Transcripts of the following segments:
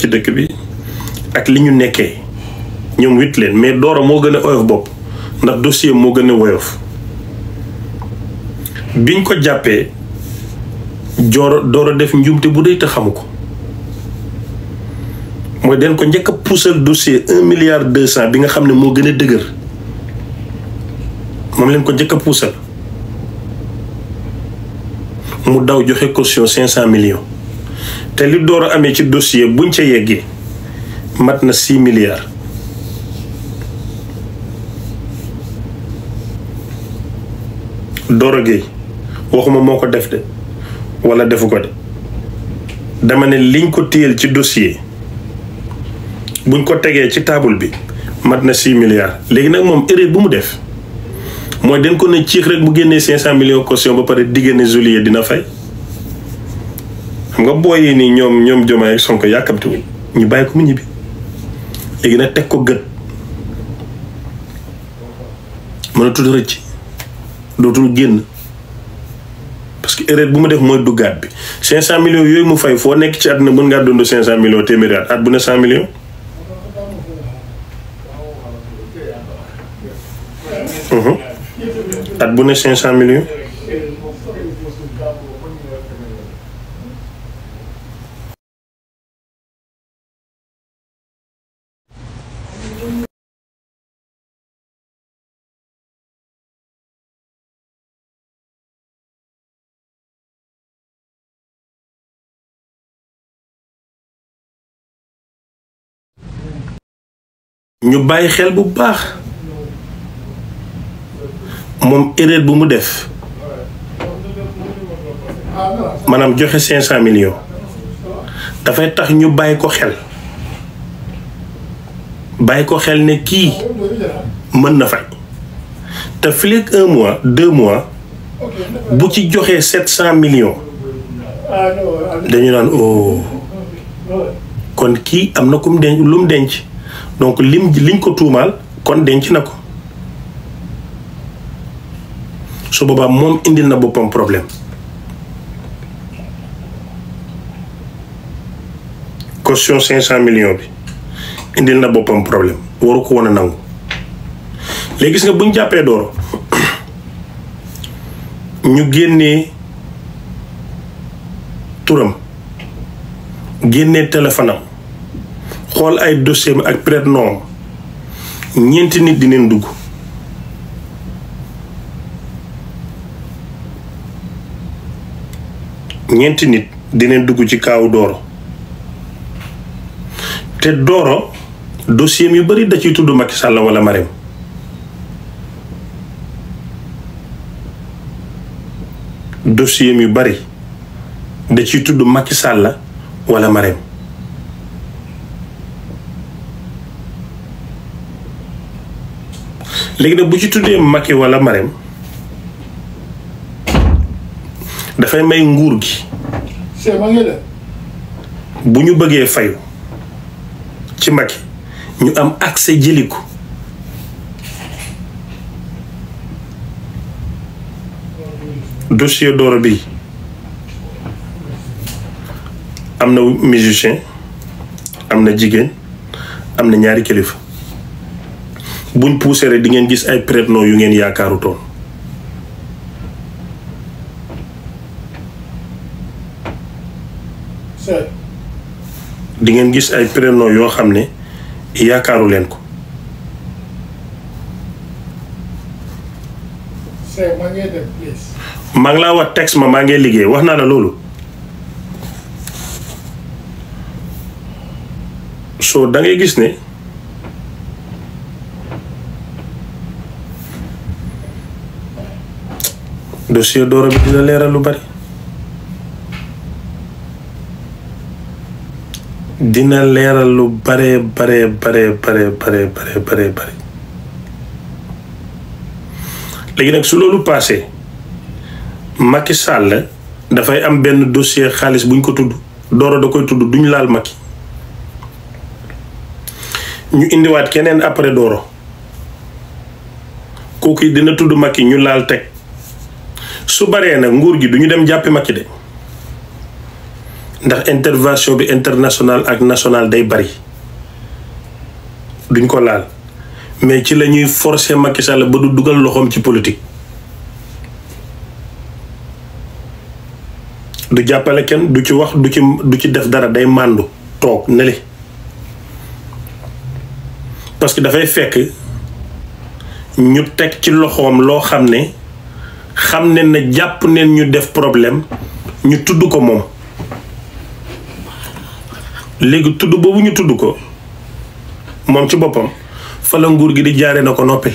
ci dëkk bi ak li ñu nekkee ñoom wit leen mais dooro moo gën a oyof bopp ndax dossier moo gën a woyof biñ ko jàppee jooro dooro def njuumte bu dee te xamu ko mooy den ko njëkk a puusal dossier un milliard deux cent bi nga xam ne moo gën a dëgër moom leen ko njëkk a puusal mu daw joxe caution cinq cent million te li door amee ci dossier buñ ca yeggee mat na six milliards dooro Gueye waxuma moo ko def de wala defu ko de dama ne liñ ko téyel ci dossier buñ ko tegee ci taabul bi mat na six milliards léegi nag moom erreur bu mu def mooy den ko ne ciix rek mu génnee cinq cent millions caution ba pare diggante ne Zuliya dina fay xam nga booyee ni ñoom ñoom Diomaye ak Sonko ñu bàyyi ko mu ñibbi léegi nag teg ko gët mën a tudd rëcc dootul génn parce que erreur bu mu def mooy duggaat bi cinq cent millions yooyu mu fay foo nekk ci at na mën ngaa dund cinq cent millions téeméeri at at bu ne mhm. at bu ne cinq cent millions ñu bàyyi xel bu baax moom erreur bu mu def maanaam joxe cinq cent millions dafay tax ñu bàyyi ko xel bàyyi ko xel ne kii mën na fay te fii un mois deux mois bu ci joxee sept cent millions dañu naan oh kon kii am na ku mu denc lu denc. donc lim liñ ko tuumaal kon denc na ko su boobaa moom indil na boppam problème caution cinq cent millions bi indil na boppam problème waru ko woon a nangu léegi gis nga buñ jàppee Doro ñu génnee turam génnee téléphone xool ay dossier ak prête-nom ñeenti nit dinañ dugg ñeenti nit dinañ dugg ci kaaw dooro te dooro dossier yu bari da ciy tudd Macky Sall walla Marème dossier yu bari da ciy tudd Macky sàll walla Marème léegi nag bu ci tuddee Macky wala Marème dafay may nguur gi bu ñu bëggee fayu ci Macky ñu am accès jëliku dossier dooro bi am na musicien am na jigéen am na ñaari kilifa buñ poussé rek di ngeen gis ay prête-noms yu ngeen yaakaarutoon di ngeen gis ay prête yoo xam ne yaakaaru leen ko. mag laa wax texte ma maa ngi liggéey wax naa la loolu. so da gis ne. dossier Doro bi dina leeral lu bari dina leeral lu baree baree baree baree baree baree baree bare léegi nag su loolu paasee Macky Sall dafay am benn dossier xaalis buñ ko tudd dooro da koy tudd duñ laal Macky ñu indiwaat keneen après Doro kooku dina tudd Macky ñu laal teg su baree nag nguur gi du ñu dem jàppi Macky de ndax intervention bi international ak national day bari duñ ko laal mais ci la ñuy forcer Macky Sall ba du dugal loxoom ci politique du jàppale kenn du ci wax du ci du ci def dara day màndu toog neli parce que dafay fekk ñu teg ci loxoom loo xam ne xam ne na jàpp neen ñu def problème ñu tudd ko moom léegi tudd boobu ñu tudd ko moom ci boppam fala nguur gi di jaare na ko noppil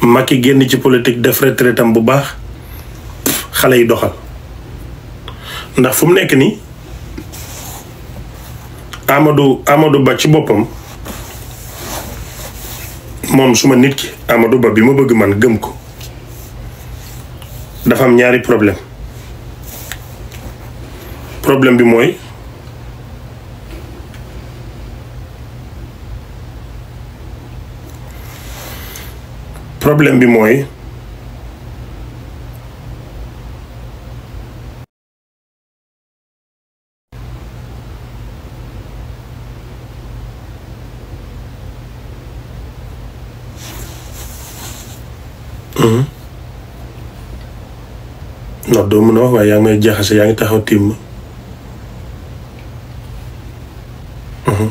Macky génn ci politique def retraite am bu baax xale yi doxal ndax fu mu nekk nii amadu amadu Ba ci boppam moom suma nit ki Amadou Ba bi ma bëgg man gëm ko dafa am ñaari problème problème bi mooy problème bi mooy ndax doo mën a wax waaye yaa ngi may jaxase yaa ngi taxaw tiim ma mhm.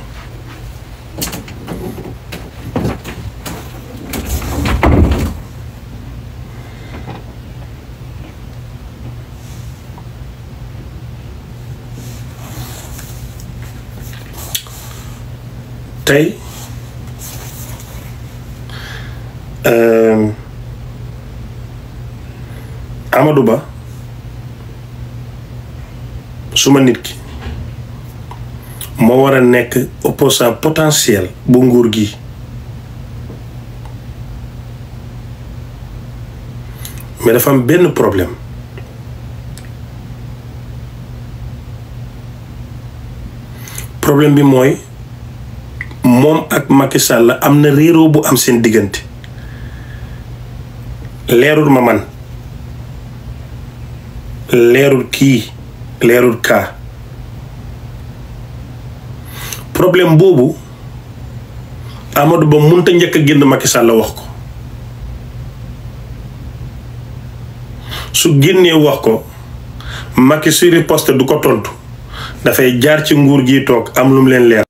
tey ehm, Amadou Ba suma nit ki moo war a nekk opposant potentiel bu nguur gi mais dafa am benn problème problème bi mooy moom ak Macky Sall am na réeroo bu am seen diggante leerul ma man leerul kii leerul kaa problème boobu amatu Ba munta njëkk a génn Macky Sall la wax ko su génnee wax ko Macky su riposte du ko tontu dafay jaar ci nguur gi toog am lu mu leen leer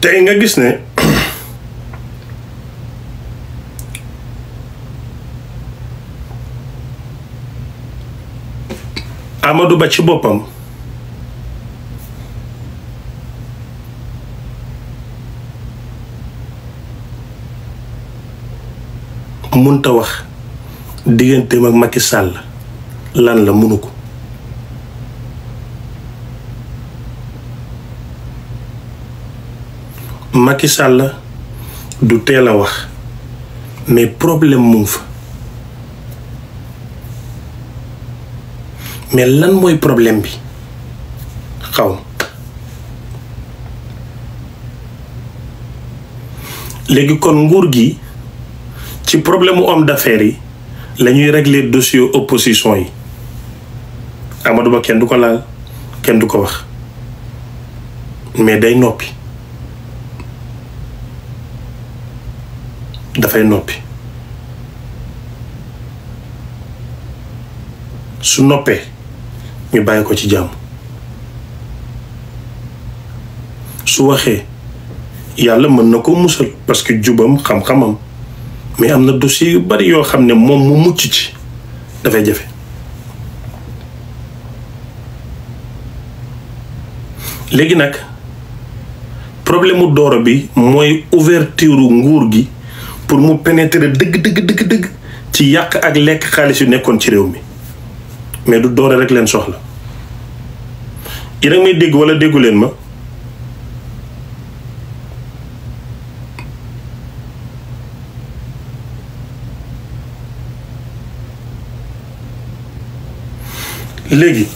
tey nga gis ne Amadou Ba ci boppam munta wax digganteem ak Macky sàll lan la munu ko Macky Sall du teel a wax mais problème mu fa mais lan mooy problème bi xaw léegi kon nguur gi ci problème mu homme d'affaires yi la ñuy régler dossier opposition yi Amadou Ba kenn du ko laal kenn du ko wax mais day noppi. dafay noppi su noppee ñu bàyyi ko ci jàmm su waxee yàlla mën na ko musal parce que jubam xam-xamam mais am na dossier yu bari yoo xam ne moom mu mucc ci dafay jafe léegi nag problème mu dooro bi mooy ouverture nguur gi pour mu pénétrer dëgg dëgg dëgg dëgg ci yàq ak lekk xaalis yu nekkoon ci réew mi mais du doore rek leen soxla yéen a may dégg wala déggu leen ma léegi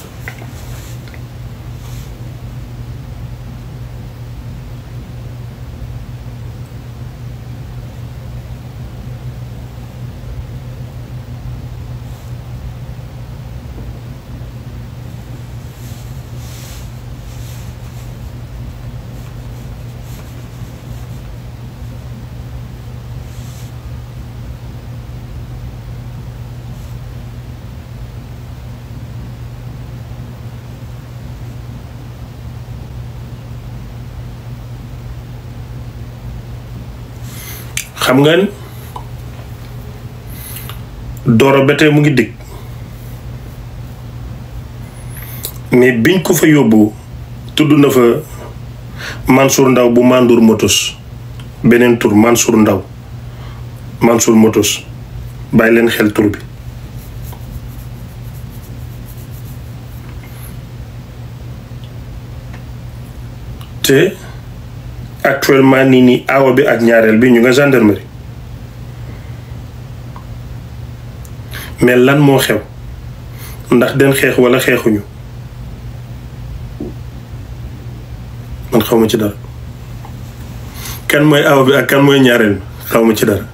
xam nga Doro ba tey mu ngi digg mais biñ ko fa yóbbu tudd na fa Mansour Ndaw bu Mandour Motos beneen tur Mansour Ndaw Mansour Motos bàyyi leen xel tur bi te actuellement nii nii awa bi ak ñaareel bi ñu nga gendarmerie mais lan moo xew ndax den xeex walla xeexuñu man xaw ma ci dara kan mooy awa bi ak kan mooy ñaareel bi xaw ma ci dara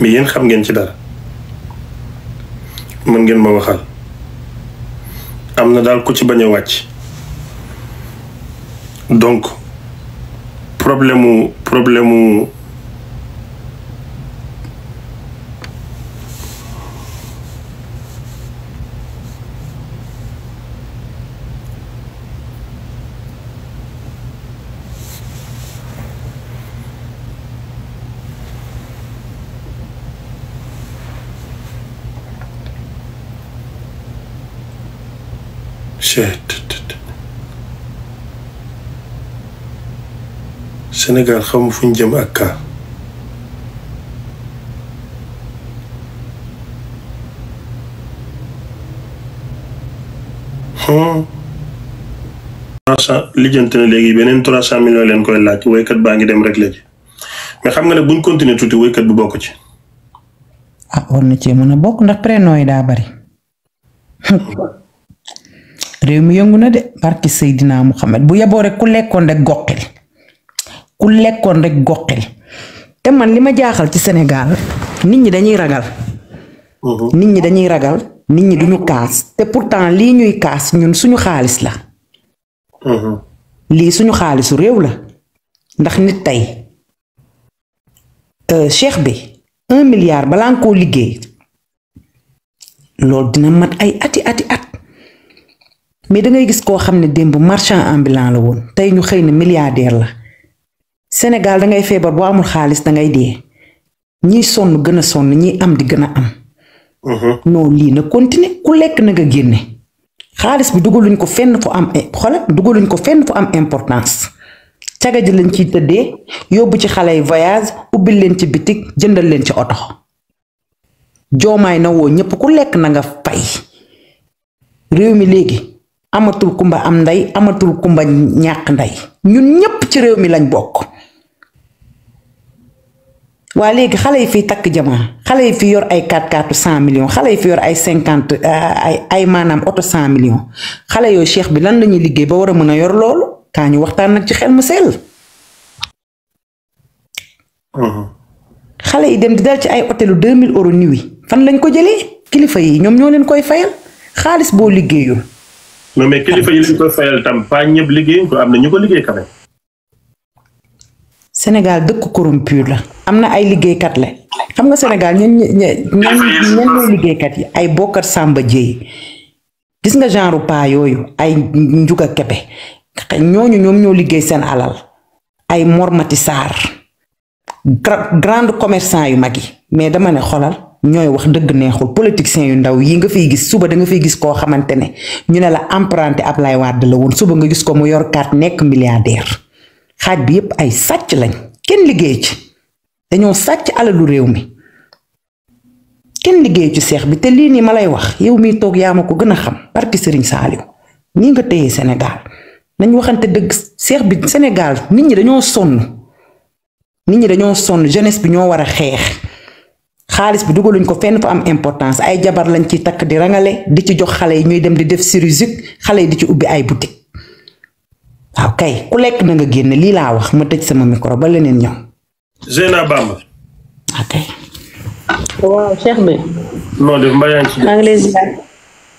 mais yéen xam ngeen ci dara mën ngeen ma waxal am na daal ku ci bañ a wàcc. donc problème mu problème mu Sénégal xamu fu ñu jëm ak kaa hmm. trois cent lijjanti na léegi beneen trois cent millions leen koy laaj woykat baa ngi dem rek léegi mais xam nga ne buñ continuer tuuti woykat bu bokk ci ah war na cee mën a bokk ndax preno yi daa bari réew mi yëngu na de barki Seydina Muhammad bu yeboo rek ku lekkoon rek goqil ku lekkoon rek goxil te man li ma jaaxal ci Sénégal nit ñi dañuy ragal. Mhm. nit ñi dañuy ragal nit ñi duñu kaas te pourtant lii ñuy kaas ñun suñu xaalis la. Mhm. lii suñu xaalisu réew la ndax nit tey euh, cheikh bi un milliard balaa nga koo liggéey loolu dina mat ay ati ati at mais dangay gis koo xam ne démb marchand ambulant la woon tey ñu xëy na milliardaire la. Sénégal dangay feebar boo amul xaalis dangay dee ñiy sonn gën a sonn ñiy am di gën a am. Mm-hmm. non lii na continuer ku lekk na nga génne. xaalis bi dugaluñ ko fenn fu am xoolal dugaluñ ko fenn fu am importance. caga ji lañ ciy tëdde yóbbu ci xale yi voyage ubbil leen ci bitik jëndal leen ci oto. joomaay na woo ñëpp ku lekk na nga fay. réew mi léegi amatul kumba am ndey amatul kumba ñàkk ndey ñun ñëpp ci réew mi lañ bokk. waa léegi xale yi fii takk jamaa xale yi fii yor ay 4 4 100 xale yi fi yor ay cinquante euh, ay maanaam oto 100 millions xale yooyu cheikh bi lan la ñuy liggéey ba war a mën a yor loolu kaa ñu waxtaan nag ci xel mu sell. Uh-huh. xale yi dem di dal ci ay hôtelu 2000 euros nuit fan lañ ko jëlee kilifa yi ñoom ñoo leen koy fayal xaalis boo liggéeyul. non mais kilifa yi leen koy fayal tam pas ñëpp liggéeyuñ ko am na ñu ko liggéey quand même. Sénégal dëkk corrompu la. am na ay liggéeykat la xam nga Sénégal ñen ñen ñen ñooy liggéeykat yi ay bokkat Samba Dieye gis nga genre pa yooyu ay njuga kepe ñooñu ñoom ñoo liggéey seen alal ay mormati saar grande commerçant yu mag yi mais dama ne xolal ñooy wax dëgg neexul politiciens yu ndaw yi nga fiy gis suba da nga fiy gis koo xamante ne ñu ne la emprunté Ablaye Wade la woon suba nga gis ko mu yor carte nekk milliardaire xaaj bi yépp ay sàcc lañ kenn liggéey ci dañoo sàcc alalu réew mi kenn liggéey ci seex bi te lii nii ma lay wax yow mii toog yaa ma ko gën a xam barki Serigne Saliou ñi nga téye senegal nañ waxante dëgg seex bi senegal nit ñi dañoo sonn nit ñi dañoo sonn jeunesse bi ñoo war a xeex xaalis bi dugaluñ ko fenn fu am importance ay jabar lañ ciy takk di rangale di ci jox xale yi ñuy dem di def chirurgie xale yi di ci ubbi ay boutique waaw kay ku lekk na nga génn lii laa wax ma tëj sama micro ba leneen ñëw. Zeyna Bamba. ok. waaw ngi maa ngi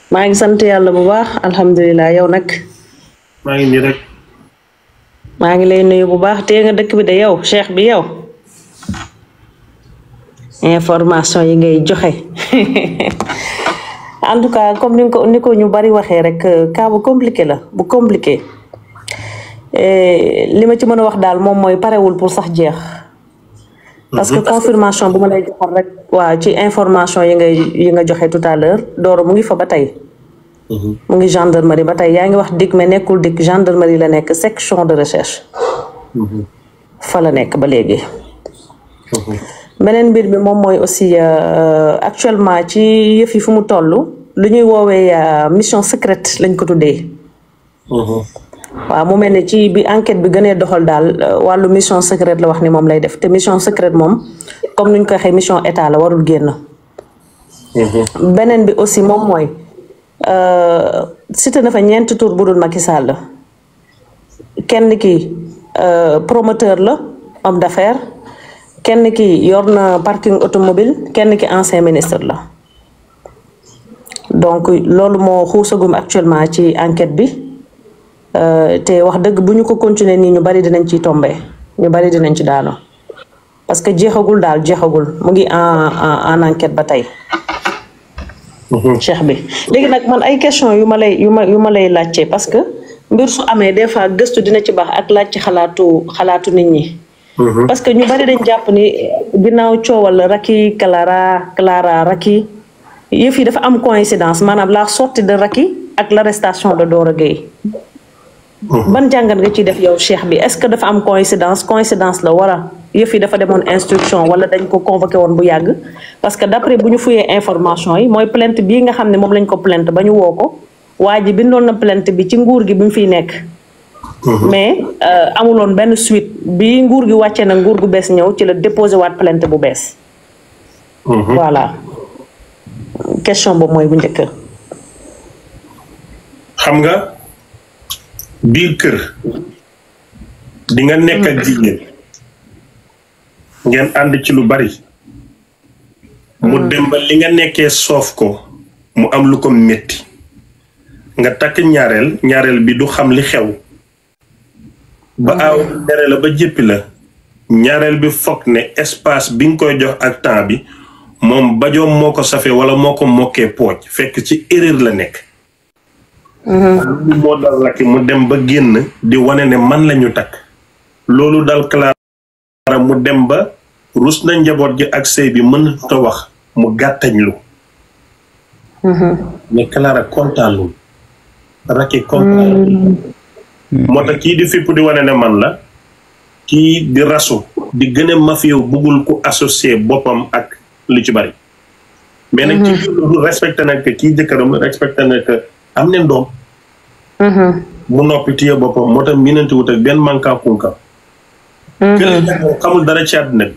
maa ngi sant yàlla bu baax alhamdulilah yow nag. maa ngi lay nuyu bu baax tee nga dëkk bi de yow Cheikh bi yow. information yi ngay joxe en tout cas comme ni ko ni ko ñu bari waxee rek euh, cas bu compliqué la bu compliqué li ma ci mën a wax daal moom mooy parewul pour sax jeex. parce que mhm. confirmation bu ma lay joxoon rek. waaw ci information yi ngay yi nga joxe tout à l'heure mu ngi fa ba tey. Mhm. mu ngi gendarmerie ba tey yaa ngi wax dig mais nekkul dig gendarmerie la nekk section de recherche. Mhm. fa la nekk ba léegi. beneen mbir mi moom mooy aussi euh, actuellement ci yëf fu mu toll lu ñuy woowee euh, mission secrète lañ ko tuddee. waaw mu mel ne ci bi enquête bi gënee doxal daal euh, wàllu mission secrète la wax ni moom lay def te mission secrète moom comme nuñ ko waxee mission état la warul génn. Mhm. beneen bi aussi moom mooy euh, te na fa ñeenti tur bu dul Macky Sall la kenn ki euh, promoteur la homme d'affaires kenn ki yor na parking automobile kenn ki ancien ministre la donc loolu moo xuusagum actuellement ci enquête bi. Euh, te wax dëgg bu ñu ko continuer nii ñu bari dinañ ci tombe ñu bari dinañ ci daano parce que jeexagul daal jeexagul mu ngi en en enquête ba tey. Mm-hmm. cheikh bi léegi nag man ay question yu ma lay yu ma yu ma lay laajte parce que mbir su amee des fois gëstu dina ci baax ak laaj ci xalaatu xalaatu nit ñi. Mm-hmm. parce que ñu bari dañ jàpp ni ginnaaw coowal Racky Clara Clara Racky yëf yi dafa am coïncidence maanaam la sortie de Racky ak la restation de door a Gueye Oh. ban jàngat nga ciy def yow cheikh bi est-ce que dafa am coïncidence coïncidence la war a yëf yi dafa demoon instruction wala dañ ko convoqué woon bu yàgg parce que d'après bu ñu fuyee information yi mooy plainte bii nga xam ne moom lañ ko plainte ba ñu woo ko waa ji bindoon na plainte bi ci nguur gi bi mu fiy nekk uh-huh. mais euh, amuloon benn suite bi nguur gi wàccee na nguur gu bees ñëw ci la déposé waat plainte bu bees uh-huh. voilà question boobu mooy bu njëkk xam nga biir kër dinga nekk ak jigéen ngeen ànd ci lu bari mu hmm. dem ba li nga nekkee soof ko mu am lu ko metti nga takk ñaareel ñaareel bi du xam li xew ba hmm. aw dere la ba jëppi la ñaareel bi foog ne espace bi nga koy jox ak temps bi moom bajoom moo ko safee wala moo ko mokkee pooj fekk ci erreur la nekk loolu moo dal rakki mu dem ba génn di wane ne man lañu takk loolu dal Clara mu dem ba rus na njaboot ji ak sëy bi mënut a wax mu gàttañlu mais mm-hmm. Clara kontaanul rakki kontaanul mm-hmm. moo kii di fipp di wane ne man la kii di rasu di gëna a mafiow buggul ku associé boppam ak lu ci bari mais nag ci mm-hmm. biir respecté na que kii jëkkëram respecté na am neen doom Mm-hmm. mu noppi téye boppam moo tax miinanti wut benn manka kunka. Mm-hmm. kële dara ci àddina bi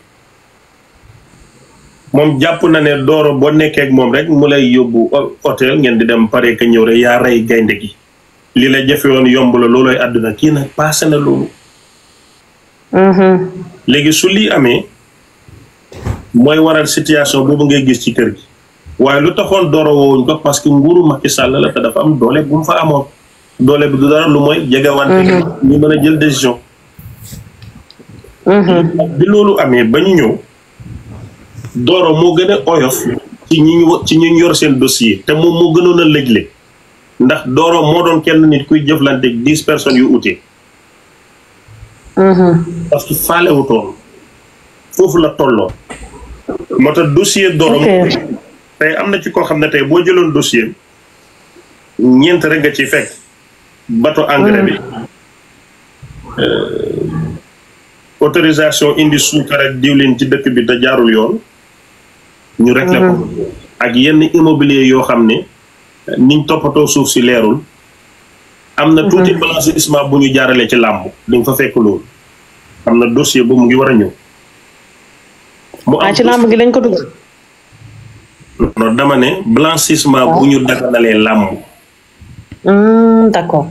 moom jàpp na ne dooro boo nekkee moom rek mu lay yóbbu hôtel ngeen di dem pare ka ñëw rek yaa rey gaynde gi lii la jafe woon yomb la looloy àdduna kii nag paase na loolu. Mm-hmm. léegi su lii amee mooy waral situation boobu ngay gis ci kër gi waaye lu taxoon dooro woowuñ ko parce que nguuru Macky Sall te dafa am doole bu fa amoon. doole bi du dara lu mooy jegewante mhm. ñu mën a jël décision mhm. bi loolu amee ba ñu ñëw Doro moo gën a oyof ci ñi ñu ci ñi ñu yor seen dossier te moom moo gënoon a lëjle ndax Doro moo doon kenn nit kuy jëflante dix personnes yu ute mhm. parce que faalewutoon foofu la tolloo moo tax dossier Doro tey am na ci koo xam ne tey boo jëloon dossier ñeent rek a ci fekk bato engrais bi mm. euh, autorisation indi suukar ak diwlin ci dëkk bi da jaarul yoon ñu réglé ko mm-hmm. ak yenn immobilier yoo xam ne niñ toppatoo suuf si leerul am na mm-hmm. tuuti balancissement bu ñu jaaralee ci làmb dañ nga fa fekk loolu am na dossier bu mu ngi war ñëw mu am ah, ci làmb gi lañ ko dugal non dama ne blanchissement bu ah. ñu daganalee làmb mm, d'accord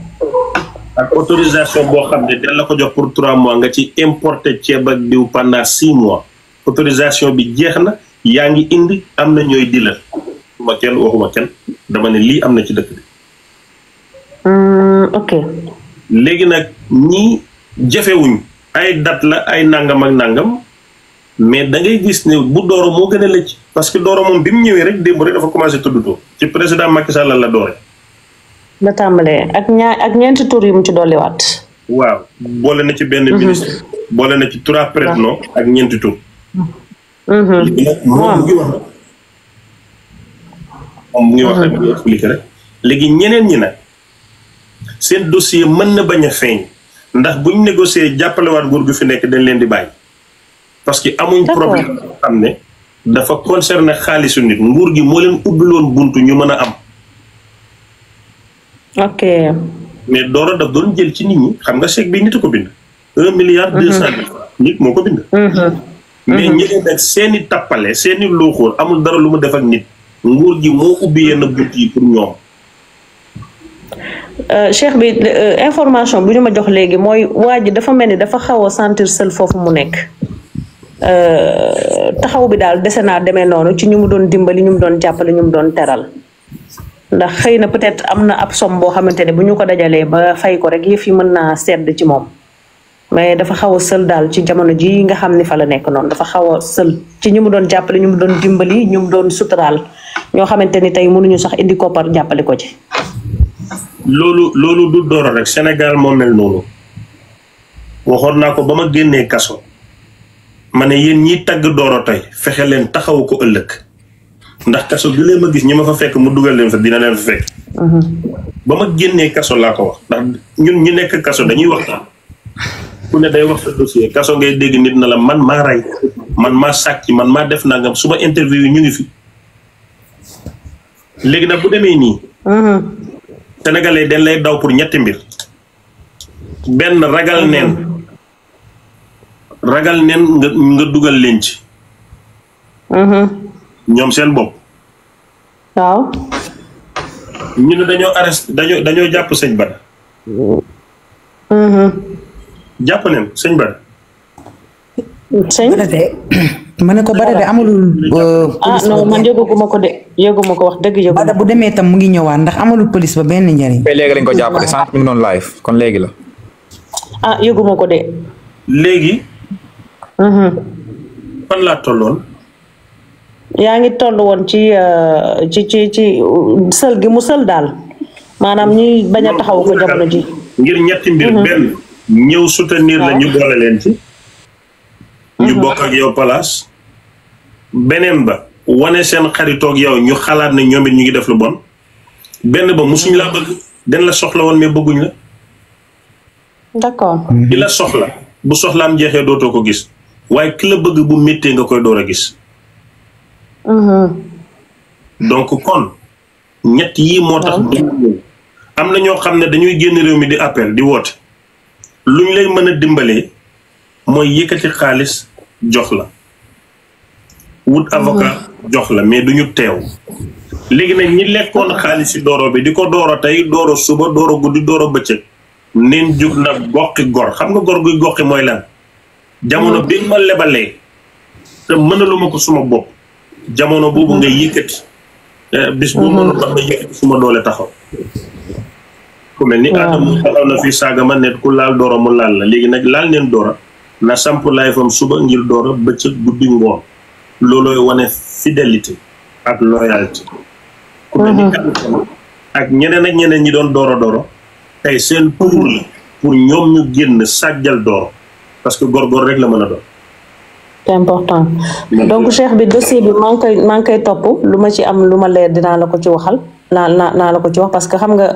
ak autorisation boo xam ne dañ la ko jox pour trois mois nga ci importer ceeb ak diw pendant six mois autorisation bi jeex na yaa ngi indi am na ñooy di la ma kenn waxuma kenn dama ne lii am na ci dëkk bi. Hmm, ok. léegi nag ñii jafewuñ ay dat la ay nangam ak nangam mais da ngay gis ne bu Doro moo gën a lëcc parce que Doro moom bi mu ñëwee rek démb rek dafa commencé tuddutoo ci président Macky Sall la doore la tàmbalee ak ñaar ak ñeenti tur yu mu ci dolliwaat. waaw boole na ci benn mhm. ministre. boole na ci trois prénoms ak ñeenti tur. Mhm. moom mu ngi léegi ñeneen ñi nag seen dossier mën na bañ a feeñ ndax buñ négocier jàppalewaat nguur gu fi nekk dañ leen di bàyyi parce que amuñ problème am ne dafa concerné xaalisu nit nguur gi moo leen ubbiloon bunt ñu mën a am ok. mais Doro daf doon jël ci nit ñi xam nga chèque bi nit a ko bind. un milliard deux cent mille nit moo ko bind. Mhm. mais mhm. ñi leen tappale seen i luuxoor amul dara lu mu def ak nit nguur gi moo ubbi yenn bunt yi pour ñoom. Euh, cheikh bi euh, information bu ñu ma jox léegi mooy waa ji dafa mel ni dafa xaw a sentir seul foofu mu nekk euh, taxaw bi daal dese naa demee noonu ci ñu mu doon dimbali ñu mu doon jàppale ñu mu doon teral. ndax xëy na peut-être am na ab somme boo xamante ne bu ñu ko dajalee ba fay ko rek yëf mën naa sedd ci moom mais dafa xaw sël daal ci jamono ji nga xam ni fa la nekk noonu dafa xaw sël ci ñu mu doon jàppale ñu mu doon dimbali ñu doon suturaal ñoo xamante ni tey mënuñu sax indi par jàppale ko ci. loolu loolu du Doro rek Sénégal moo mel noonu waxoon naa ko ba génnee kaso ma ne yéen ñiy tagg Doro tey fexe leen taxawu ko ëllëg. ndax kaso bi leen ma gis ñi ma fa fekk mu dugal leen fa dina leen fa fekk. Mhm. ba ma génnee kaso laa ko wax ndax ñu nekk kaso dañuy waxtaan. ku ne day wax sa dossier kaso ngay dégg nit na la man maa rey man maa sàcc man maa def nangam su ma interview yi ñu ngi léegi nag bu demee nii. Mhm. sénégalais dañ lay daw pour ñetti mbir. benn ragal mhm. neen ragal neen nga dugal leen ci. ñoom seen bopp. waaw. ñu ne dañoo arrêté dañoo jàpp sëñ Bada. Mm-hmm. jàpp nañu sëñ Bada. sëñ Bada de ma ne ko Bada de amulul. Euh, ah non man yëguma ko de yëguma ko wax dëgg yëguma. Bada bu demee tam mu ngi ñëwaat ndax amulul police ba benn njëriñ. ba léegi lañ ko jàppale sànq mi noonu doon live kon léegi la. ah yëguma ko de. léegi. Mm-hmm. fan laa tolloon. yaa ngi toll woon ci euh, ci ci ci sël gi mu sël daal maanaam ñuy bañ a taxaw ko jamono ji ngir ñetti mbir mhm. benn ñëw soutenir la ñu boole leen ci mhm. ñu bokk ak palaas beneen ba wane seen xaritoog yow ñu xalaat ne ñoom ñu ngi def lu bon benn ba musuñ laa bëgg den la soxla woon mais bëgguñ la d'accord di la soxla bu soxlaan jeexee dootoo ko gis waaye ki la bëgg bu méttee nga koy door a gis Mm-hmm. donc kon ñett yi moo tax. am na ñoo xam ne dañuy génn réew mi di appel di woote lu ñu lay mën a dimbalee mooy yëkkati xaalis jox la wut mm-hmm. avocat jox la mais du ñu teew. léegi nag ñi lekkoon xaalis si dooro bi di ko dooro tey dooro suba dooro guddi dooro bëccëg neen jug na goqi gor xam nga gor guy goqi mooy lan jamono mm-hmm. bi ma lebalee te mënaluma ko suma bopp jamono boobu ngay yëkkati eh, bis bu mënoon mhm. ba nga yëkkati suma doole taxaw ku mel ni aadam taxaw na fii saaga ma net ku laal dooro mu laal la léegi nag laal neen doora na samp laay fam suba ngir doora bëccëg guddi ngoon loolooy wane fidélité ak loyauté ku mel ni mhm. ak ñeneen ak ñeneen ñi doon dooro dooro tey seen pour la pour ñoom ñu génn sàjjal dooro parce que góor-góor rek la mën a doon c'est important donc cheikh bi dossier bi maa ngi topp lu ma ci am lu ma leer dinaa la ko ci waxal naa naa naa la ko ci wax parce que xam nga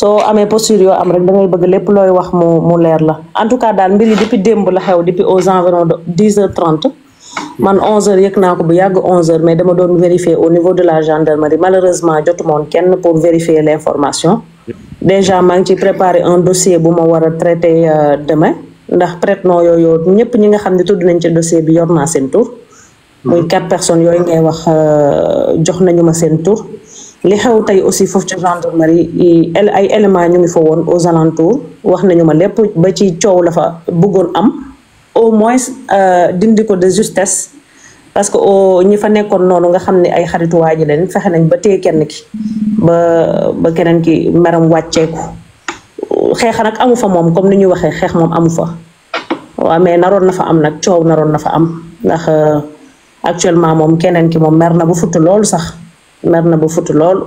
soo amee posture yoo am rek da ngay lépp looy wax mu mu leer la en tout cas daal mbir yi depuis démb la xew depuis aux environs de 10 heures 30 man 11 heures yëg naa ko bu yàgg 11 heures la gendarmerie malheureusement jotumoon kenn pour vérifier l' déjà maa ci préparé un dossier bu ma a traité euh, demain ndax prête-nom yooyu ñëpp ñi nga xam ne tudd nañ ci dossier bi yor naa seen tur. muy mhm. quatre personnes yooyu ngay wax euh, jox nañu ma seen tur. li xew tey aussi foofu ci gendarmerie ay éléments ñu ngi foo woon aux alentours wax nañu ma lépp ba ci coow la fa bëggoon am au moins euh, dindi ko de justesse parce que ñi fa nekkoon noonu nga xam ne ay xarituwaa ji leen fexe nañ ba téye kenn ki ba ba keneen ki meram wàcceeku xeex nag amu fa moom comme ni ñu waxee xeex moom amu fa waaw mais naroon na fa am nag coow naroon na fa am ndax euh, actuellement moom keneen ki moom mer na bu futt lool sax mer na bu futt lool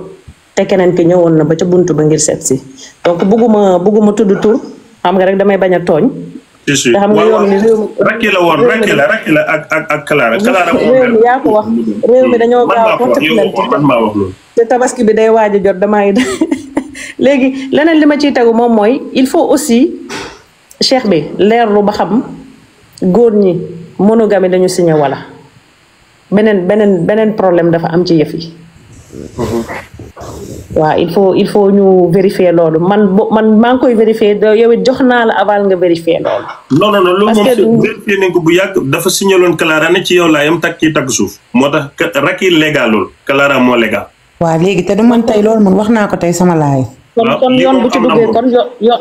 te keneen ki ñëwoon na ba ca buntu ba ngir seet si donc bugguma bugguma tudd tur xam nga rek damay bañ a tooñ. te xam nga yoon ni réew mi rekki la woon wax réew dañoo te tabaski bi day waaj a jot damaa léegi leneen li ma ciy tegu moom mooy il faut aussi cheikh bi leerlu ba xam góor ñi monogamie dañu signé wala beneen beneen beneen problème dafa am ci yëf yi. Mhm. waa il faut il faut ñu vérifier loolu man man maa ngi koy vérifier yow it jox naa la aval nga vérifier loolu. non non loolu moom vérifier nañ ko bu yàgg dafa signaloon Clara ne ci yow laa yam takk ci takk suuf moo tax rakk yi légalul Clara moo légal. waaw léegi te du man tey loolu man wax naa ko tey sama laay. kon yoon bu ci duggee kon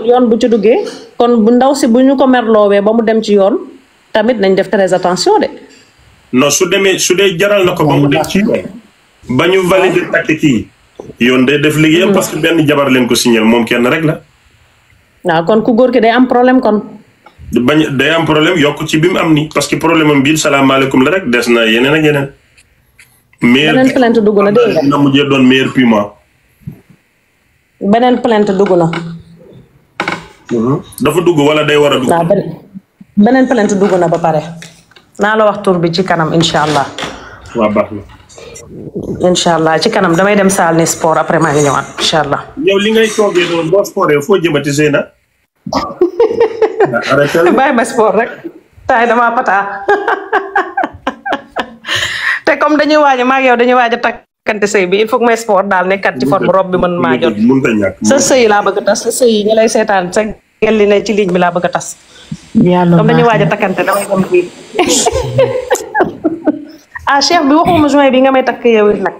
yoon bu ci duggee kon bu ndaw si bu ñu ko merloowee ba mu dem ci yoon tamit nañ def très attention de. non su demee su dee jaral na ko ba mu dem ci yoon. ba ñu valider yoon day def liggéeyam mm. parce que benn jabar leen ko si signal moom kenn rek la. waaw kon ku góor ki day am problème kon. bañ day am problème yokk ci bi mu am nii parce que problème am bii salaamaaleykum la rek des na yeneen a yeneen. yeneen plainte dugg na dégg nga mujjee doon meilleur beneen plainte dugg na. Mhm. dafa dugg wala day war a dugg. waaw beneen na ba pare naa la wax tur bi ci kanam incha allah. waaw baax na. incha allah ci kanam damay dem saal ni sport après maa ngi ñëwaat incha allah. yow li ngay toogee noonu boo sportee foo jëmati Zeyna. bàyyi ma sport rek. taay damaa pataa te comme dañuy waaj a maa ak yow dañuy waaj a takk. kante sëy bi il faut que may sport daal nekkat ci forme rob bi mën maa sa sëy laa bëgg a sa sëy yi lay seetaan sa gelli ne ci ligne bi laa bëgg a tas dañu waaj a takkante damay dem bi ah cheikh bi nga may takk yow it nag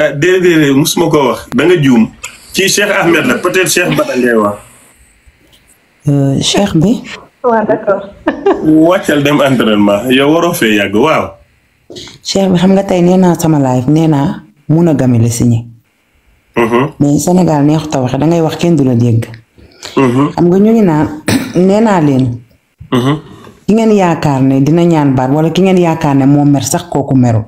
eh, koo wax da nga juum ci cheikh ahmed la peut-être cheikh bada ngay euh, bi waaw dem entraînement yow waroo fee yàgg waaw cheikh bi xam nga tey nee naa sama live nee naa mun a gamele signé. Mm-hmm. mais Sénégal neexut a waxe dangay wax kenn du la dégg. Mm-hmm. xam nga ñu ngi naan nee naa leen. Mm-hmm. ki ngeen yaakaar ne dina ñaan baat wala ki ngeen yaakaar ne moo mer sax kooku meru.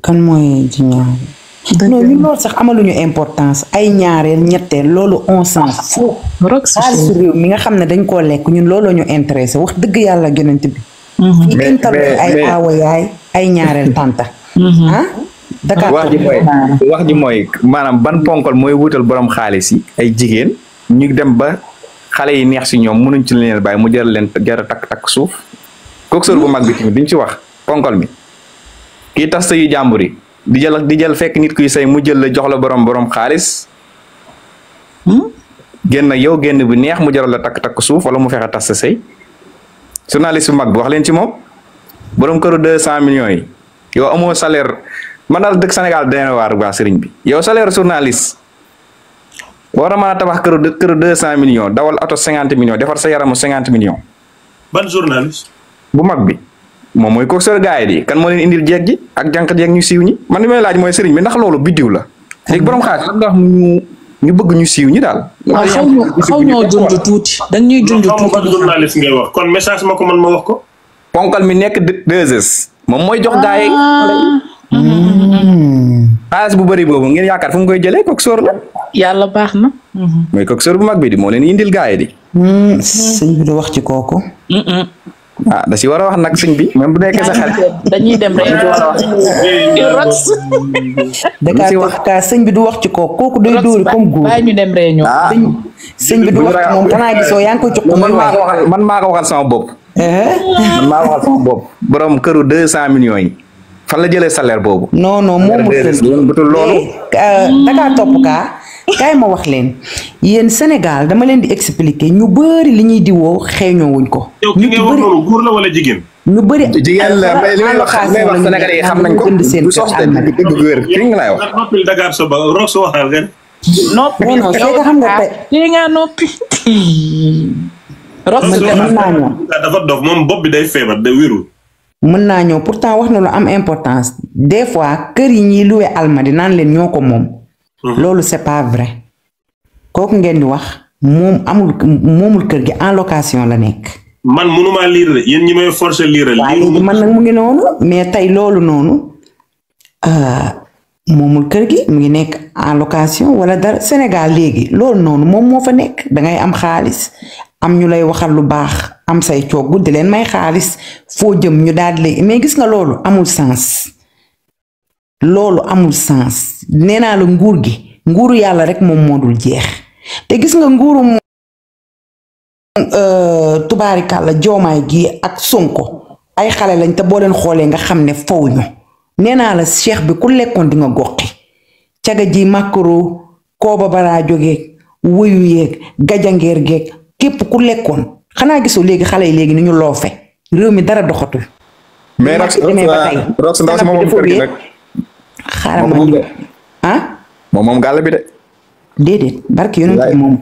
kan mooy ji non ñun loolu sax amaluñu importance ay ñaareel ñetteel loolu on s'en ah, fout. Ah, ah, xaalisu réew mi nga xam ne dañ koo lekk ñun looloo ñu intéressé wax dëgg yàlla yonent bi. ñu mhm. gën ay ay ñaareel tànta. Mhm. ah mooy maanaam ban ponkol mooy wutal boroom xaalis yi ay jigéen ñu dem ba xale yi neex si ñoom mënuñ ci leen bàyyi mu jaral leen jara takk takk suuf. kooku sër bu mag bi tamit duñ ci wax ponkol mi kii tas yu jàmbur yi. di jël di jël fekk nit kuy say mu jël la jox la borom borom xaalis hmm? génn ak yow génn bu neex mu jaral la takk takk suuf wala mu fexe tas sa sëy journaliste bu mag bi wax leen ci moom borom kër deux cent millions yi yow amoo salaire man daal dëkk Sénégal dana waar waa sëriñ bi yow salaire journaliste war a mën a tabax këru këru deux cent millions dawal ato cinquante million defar sa yaram cinquante million ban journaliste. bu mag bi. moom mooy coxeur gaay yi kan moo leen indil jeeg ji ak jànq jeeg ñu siiw ñi man li laaj mooy sëriñ bi ndax loolu biddiw la léegi borom xaalis lan nga ñu bëgg ñu siiw ñi daal. Ah, waaw xaw ñu dañ ñuy junj tuuti journaliste ngay wax kon message ma ko man ma wax ko. ponkal mi nekk deux heures. moom mooy jox gaay yi. Ah. Hmm. bu bari boobu ngeen yaakaar fu mu koy jëlee coxeur la. yàlla baax na. Hmm. mooy coxeur bu mag bi di moo leen indil gaay di. Hmm. sëñ bi du wax ci kooku. ah da si war a wax nag sëñ bi. même bu nekkee sa xarit dañuy dem rek war a si wax kaa sëñ bi du wax ci kooku kooku day dóori comme góor. dem rek ñu. ah sëñ bi du wax moom xanaa gisoo yaa ngi koy jox ko man maa ko waxal man maa ko sama bopp. man maa waxal sama bopp. borom këru deux cent million yi. fan la jëlee salaire boobu. non non moomu sëñ eh, da kaa topp kaa. kaay ma wax leen yéen Sénégal dama leen di expliquer ñu bëri li ñuy diwoo xeeñoowuñ ko. ñu bëri yow góor la wala jigéen. ñu bëri jigéen la mais li may wax li may wax Sénégalais yi xam nañ ko du soxla dëgg dëgg wér ki nga laay wax. noppil Dakar sa ba Rox waxal ngeen. noppi non c'est que xam nga tey. kii ah, nga noppi. Rox mën naa ñëw. dafa dof moom bopp bi day feebar day wérul. mën naa ñëw pourtant wax na lu am importance des fois kër yi ñuy loué almadi naan leen ñoo ko moom Mhm. loolu c'est pas vrai kooku ngeen di wax moom amul moomul kër gi en location la nekk. man mënumaa lire de yéen ñi man nag mu ngi noonu mais tey loolu noonu euh, moomul kër gi mu ngi nekk en location wala dara Sénégal léegi loolu noonu moom moo fa nekk da ngay am xaalis am ñu lay waxal lu baax am say coogu di leen may xaalis foo jëm ñu daal di mais gis nga loolu amul sens. loolu amul sens nee naa la nguur gi nguuru yàlla rek moom moo dul jeex te gis nga nguuru moom euh, tubaarikàlla joomaay gi ak sonko ay xale lañ te boo leen xoolee nga xam ne faw ñu nee naa la cheikh bi ku lekkoon di nga gox caga ji màkkaro kooba baraa jógeeg wuyu yeeg gajangeer geeg képp ku lekkoon xanaa gisoo léegi xale yi léegi ni ñu loofe réew mi dara doxatul mais Rox Rox Rox Rox xaaral ma ah. moom moom bi de. déedéet barke yonent moom